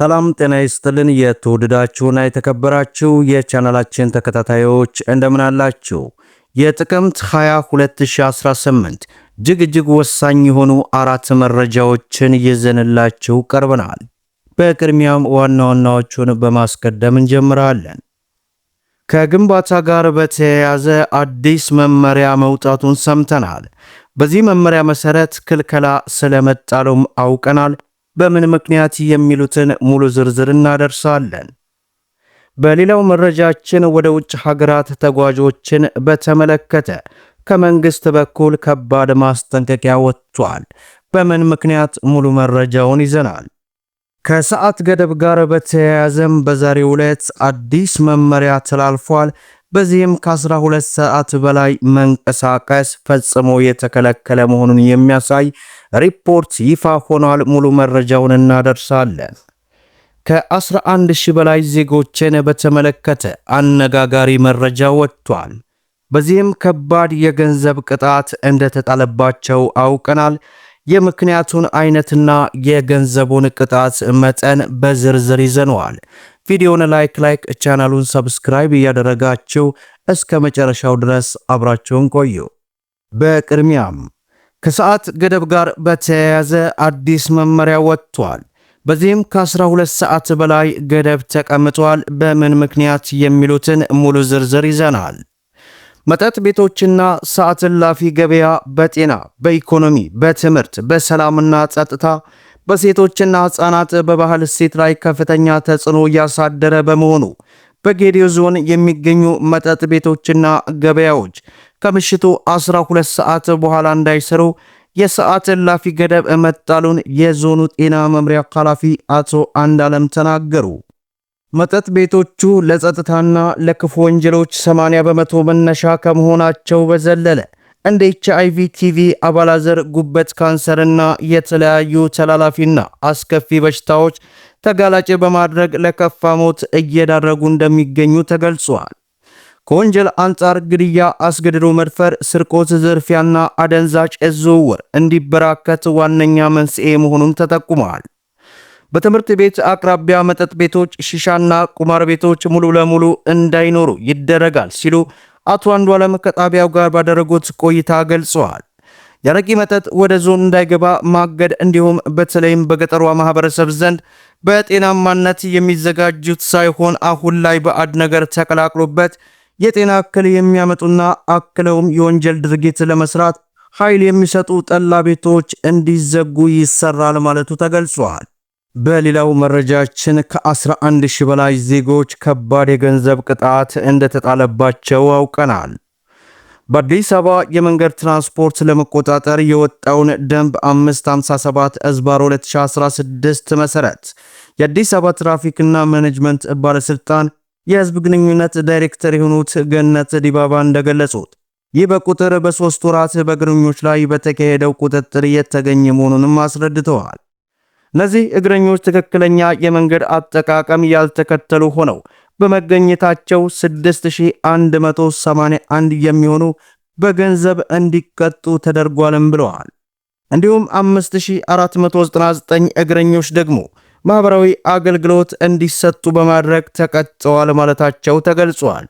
ሰላም ጤና ይስጥልን። የተወደዳችሁና የተከበራችሁ የቻናላችን ተከታታዮች እንደምን አላችሁ? የጥቅምት 20 2018 እጅግ እጅግ ወሳኝ የሆኑ አራት መረጃዎችን ይዘንላችሁ ቀርበናል። በቅድሚያም ዋና ዋናዎቹን በማስቀደም እንጀምራለን። ከግንባታ ጋር በተያያዘ አዲስ መመሪያ መውጣቱን ሰምተናል። በዚህ መመሪያ መሰረት ክልከላ ስለመጣሉም አውቀናል። በምን ምክንያት የሚሉትን ሙሉ ዝርዝር እናደርሳለን። በሌላው መረጃችን ወደ ውጭ ሀገራት ተጓዦችን በተመለከተ ከመንግስት በኩል ከባድ ማስጠንቀቂያ ወጥቷል። በምን ምክንያት ሙሉ መረጃውን ይዘናል። ከሰዓት ገደብ ጋር በተያያዘም በዛሬው ዕለት አዲስ መመሪያ ተላልፏል። በዚህም ከ12 ሰዓት በላይ መንቀሳቀስ ፈጽሞ የተከለከለ መሆኑን የሚያሳይ ሪፖርት ይፋ ሆኗል። ሙሉ መረጃውን እናደርሳለን። ከ11 ሺህ በላይ ዜጎችን በተመለከተ አነጋጋሪ መረጃ ወጥቷል። በዚህም ከባድ የገንዘብ ቅጣት እንደተጣለባቸው አውቀናል። የምክንያቱን አይነትና የገንዘቡን ቅጣት መጠን በዝርዝር ይዘነዋል። ቪዲዮውን ላይክ ላይክ ቻናሉን ሰብስክራይብ እያደረጋችሁ እስከ መጨረሻው ድረስ አብራችሁን ቆዩ። በቅድሚያም ከሰዓት ገደብ ጋር በተያያዘ አዲስ መመሪያ ወጥቷል። በዚህም ከ12 ሰዓት በላይ ገደብ ተቀምጧል። በምን ምክንያት የሚሉትን ሙሉ ዝርዝር ይዘናል። መጠጥ ቤቶችና ሰዓት እላፊ ገበያ በጤና፣ በኢኮኖሚ፣ በትምህርት፣ በሰላምና ጸጥታ፣ በሴቶችና ሕፃናት፣ በባህል እሴት ላይ ከፍተኛ ተጽዕኖ እያሳደረ በመሆኑ በጌዲዮ ዞን የሚገኙ መጠጥ ቤቶችና ገበያዎች ከምሽቱ 12 ሰዓት በኋላ እንዳይሰሩ የሰዓት እላፊ ገደብ መጣሉን የዞኑ ጤና መምሪያ ኃላፊ አቶ አንዳለም ተናገሩ። መጠጥ ቤቶቹ ለጸጥታና ለክፉ ወንጀሎች 80 በመቶ መነሻ ከመሆናቸው በዘለለ እንደ ኤችአይቪ፣ ቲቪ፣ አባላዘር፣ ጉበት ካንሰርና የተለያዩ ተላላፊና አስከፊ በሽታዎች ተጋላጭ በማድረግ ለከፋ ሞት እየዳረጉ እንደሚገኙ ተገልጿል። ከወንጀል አንጻር ግድያ፣ አስገድዶ መድፈር፣ ስርቆት፣ ዝርፊያና አደንዛጭ እጽ ዝውውር እንዲበራከት ዋነኛ መንስኤ መሆኑን ተጠቁመዋል። በትምህርት ቤት አቅራቢያ መጠጥ ቤቶች፣ ሺሻና ቁማር ቤቶች ሙሉ ለሙሉ እንዳይኖሩ ይደረጋል ሲሉ አቶ አንዷለም ከጣቢያው ጋር ባደረጉት ቆይታ ገልጸዋል። ያረቂ መጠጥ ወደ ዞን እንዳይገባ ማገድ እንዲሁም በተለይም በገጠሯ ማህበረሰብ ዘንድ በጤናማነት የሚዘጋጁት ሳይሆን አሁን ላይ በአድ ነገር ተቀላቅሎበት የጤና እክል የሚያመጡና አክለውም የወንጀል ድርጊት ለመስራት ኃይል የሚሰጡ ጠላ ቤቶች እንዲዘጉ ይሰራል ማለቱ ተገልጿል። በሌላው መረጃችን ከ11 ሺህ በላይ ዜጎች ከባድ የገንዘብ ቅጣት እንደተጣለባቸው አውቀናል። በአዲስ አበባ የመንገድ ትራንስፖርት ለመቆጣጠር የወጣውን ደንብ 557 እዝባር 2016 መሰረት የአዲስ አበባ ትራፊክና ማኔጅመንት ባለስልጣን ። የህዝብ ግንኙነት ዳይሬክተር የሆኑት ገነት ዲባባ እንደገለጹት ይህ በቁጥር በሶስት ወራት በእግረኞች ላይ በተካሄደው ቁጥጥር የተገኘ መሆኑንም አስረድተዋል። እነዚህ እግረኞች ትክክለኛ የመንገድ አጠቃቀም ያልተከተሉ ሆነው በመገኘታቸው 6181 የሚሆኑ በገንዘብ እንዲቀጡ ተደርጓልም ብለዋል። እንዲሁም 5499 እግረኞች ደግሞ ማኅበራዊ አገልግሎት እንዲሰጡ በማድረግ ተቀጥተዋል ማለታቸው ተገልጿል።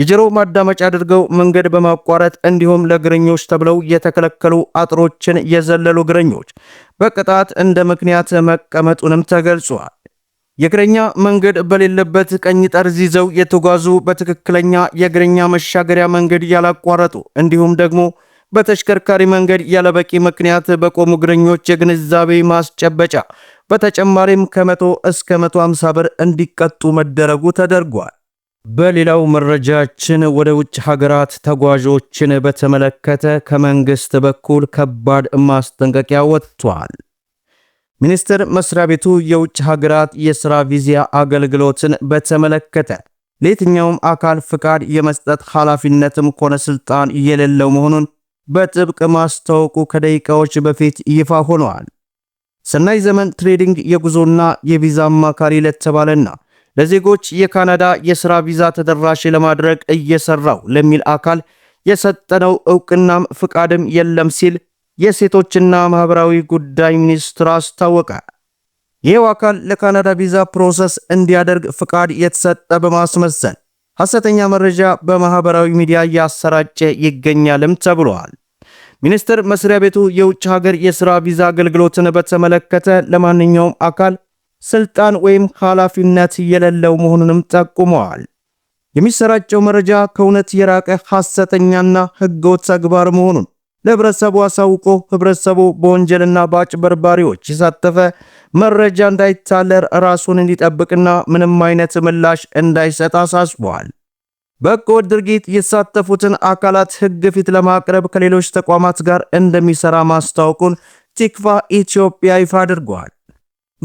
የጆሮ ማዳመጫ አድርገው መንገድ በማቋረጥ እንዲሁም ለእግረኞች ተብለው የተከለከሉ አጥሮችን የዘለሉ እግረኞች በቅጣት እንደ ምክንያት መቀመጡንም ተገልጿል። የእግረኛ መንገድ በሌለበት ቀኝ ጠርዝ ይዘው የተጓዙ፣ በትክክለኛ የእግረኛ መሻገሪያ መንገድ ያላቋረጡ እንዲሁም ደግሞ በተሽከርካሪ መንገድ ያለበቂ ምክንያት በቆሙ እግረኞች የግንዛቤ ማስጨበጫ በተጨማሪም ከመቶ እስከ 150 ብር እንዲቀጡ መደረጉ ተደርጓል። በሌላው መረጃችን ወደ ውጭ ሀገራት ተጓዦችን በተመለከተ ከመንግስት በኩል ከባድ ማስጠንቀቂያ ወጥቷል። ሚኒስቴር መስሪያ ቤቱ የውጭ ሀገራት የሥራ ቪዛ አገልግሎትን በተመለከተ ለየትኛውም አካል ፍቃድ የመስጠት ኃላፊነትም ሆነ ስልጣን የሌለው መሆኑን በጥብቅ ማስታወቁ ከደቂቃዎች በፊት ይፋ ሆኗል። ሰናይ ዘመን ትሬዲንግ የጉዞና የቪዛ አማካሪ ለተባለና ለዜጎች የካናዳ የሥራ ቪዛ ተደራሽ ለማድረግ እየሰራው ለሚል አካል የሰጠነው እውቅናም ፍቃድም የለም ሲል የሴቶችና ማኅበራዊ ጉዳይ ሚኒስትር አስታወቀ። ይህው አካል ለካናዳ ቪዛ ፕሮሰስ እንዲያደርግ ፍቃድ የተሰጠ በማስመሰል ሐሰተኛ መረጃ በማኅበራዊ ሚዲያ እያሰራጨ ይገኛልም ተብሏል። ሚኒስቴር መስሪያ ቤቱ የውጭ ሀገር የሥራ ቪዛ አገልግሎትን በተመለከተ ለማንኛውም አካል ስልጣን ወይም ኃላፊነት የሌለው መሆኑንም ጠቁመዋል። የሚሰራጨው መረጃ ከእውነት የራቀ ሐሰተኛና ህገወጥ ተግባር መሆኑን ለህብረተሰቡ አሳውቆ ህብረተሰቡ በወንጀልና በአጭበርባሪዎች የሳተፈ መረጃ እንዳይታለር ራሱን እንዲጠብቅና ምንም አይነት ምላሽ እንዳይሰጥ አሳስቧል። በጎ ድርጊት የተሳተፉትን አካላት ህግ ፊት ለማቅረብ ከሌሎች ተቋማት ጋር እንደሚሰራ ማስታወቁን ቲክፋ ኢትዮጵያ ይፋ አድርጓል።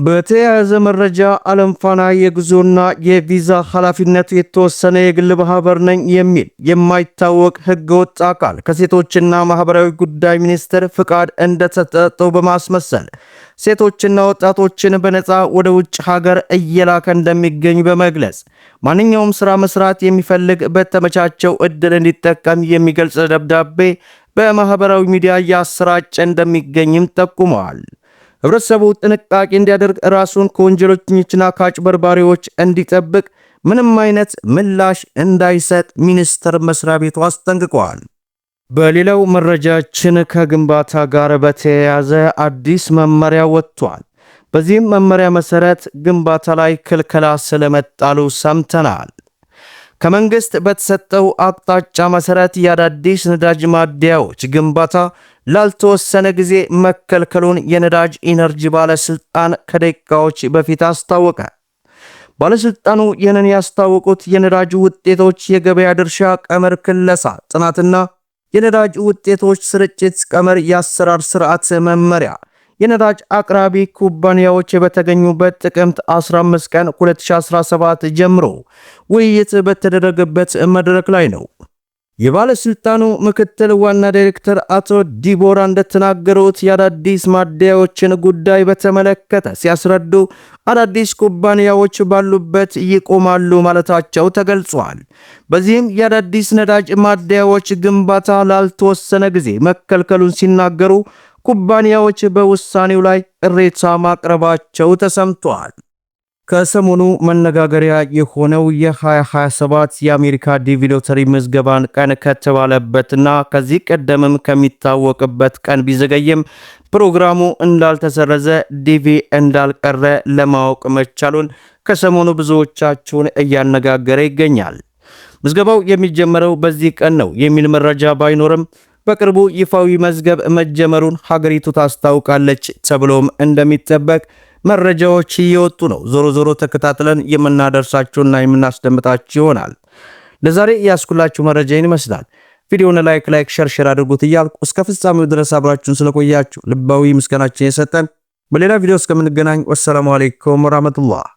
በተያያዘ መረጃ አለም ፋና የጉዞና የቪዛ ኃላፊነት የተወሰነ የግል ማህበር ነኝ የሚል የማይታወቅ ህገወጥ አካል ከሴቶችና ማህበራዊ ጉዳይ ሚኒስቴር ፍቃድ እንደተሰጠው በማስመሰል ሴቶችና ወጣቶችን በነፃ ወደ ውጭ ሀገር እየላከ እንደሚገኝ በመግለጽ ማንኛውም ስራ መስራት የሚፈልግ በተመቻቸው እድል እንዲጠቀም የሚገልጽ ደብዳቤ በማህበራዊ ሚዲያ እያሰራጨ እንደሚገኝም ጠቁመዋል። ህብረተሰቡ ጥንቃቄ እንዲያደርግ ራሱን ከወንጀለኞችና ከአጭበርባሪዎች እንዲጠብቅ ምንም አይነት ምላሽ እንዳይሰጥ ሚኒስቴር መስሪያ ቤቱ አስጠንቅቋል። በሌላው መረጃችን ከግንባታ ጋር በተያያዘ አዲስ መመሪያ ወጥቷል። በዚህም መመሪያ መሰረት ግንባታ ላይ ክልከላ ስለመጣሉ ሰምተናል። ከመንግስት በተሰጠው አቅጣጫ መሰረት የአዳዲስ ነዳጅ ማደያዎች ግንባታ ላልተወሰነ ጊዜ መከልከሉን የነዳጅ ኢነርጂ ባለስልጣን ከደቂቃዎች በፊት አስታወቀ። ባለስልጣኑ ይህንን ያስታወቁት የነዳጅ ውጤቶች የገበያ ድርሻ ቀመር ክለሳ ጥናትና የነዳጅ ውጤቶች ስርጭት ቀመር የአሰራር ስርዓት መመሪያ የነዳጅ አቅራቢ ኩባንያዎች በተገኙበት ጥቅምት 15 ቀን 2017 ጀምሮ ውይይት በተደረገበት መድረክ ላይ ነው። የባለሥልጣኑ ምክትል ዋና ዳይሬክተር አቶ ዲቦራ እንደተናገሩት የአዳዲስ ማደያዎችን ጉዳይ በተመለከተ ሲያስረዱ አዳዲስ ኩባንያዎች ባሉበት ይቆማሉ ማለታቸው ተገልጿል። በዚህም የአዳዲስ ነዳጅ ማደያዎች ግንባታ ላልተወሰነ ጊዜ መከልከሉን ሲናገሩ ኩባንያዎች በውሳኔው ላይ እሬታ ማቅረባቸው ተሰምቷል። ከሰሞኑ መነጋገሪያ የሆነው የ2027 የአሜሪካ ዲቪ ሎተሪ ምዝገባን ቀን ከተባለበትና ከዚህ ቀደምም ከሚታወቅበት ቀን ቢዘገይም ፕሮግራሙ እንዳልተሰረዘ ዲቪ እንዳልቀረ ለማወቅ መቻሉን ከሰሞኑ ብዙዎቻችሁን እያነጋገረ ይገኛል። ምዝገባው የሚጀመረው በዚህ ቀን ነው የሚል መረጃ ባይኖርም በቅርቡ ይፋዊ መዝገብ መጀመሩን ሀገሪቱ ታስታውቃለች ተብሎም እንደሚጠበቅ መረጃዎች እየወጡ ነው። ዞሮ ዞሮ ተከታትለን የምናደርሳችሁና የምናስደምጣችሁ ይሆናል። ለዛሬ ያስኩላችሁ መረጃ ይመስላል። ቪዲዮውን ላይክ ላይክ ሸር ሸር አድርጉት እያልኩ እስከ ፍጻሜው ድረስ አብራችሁን ስለቆያችሁ ልባዊ ምስጋናችን የሰጠን በሌላ ቪዲዮ እስከምንገናኝ ወሰላሙ አሌይኩም ወራህመቱላህ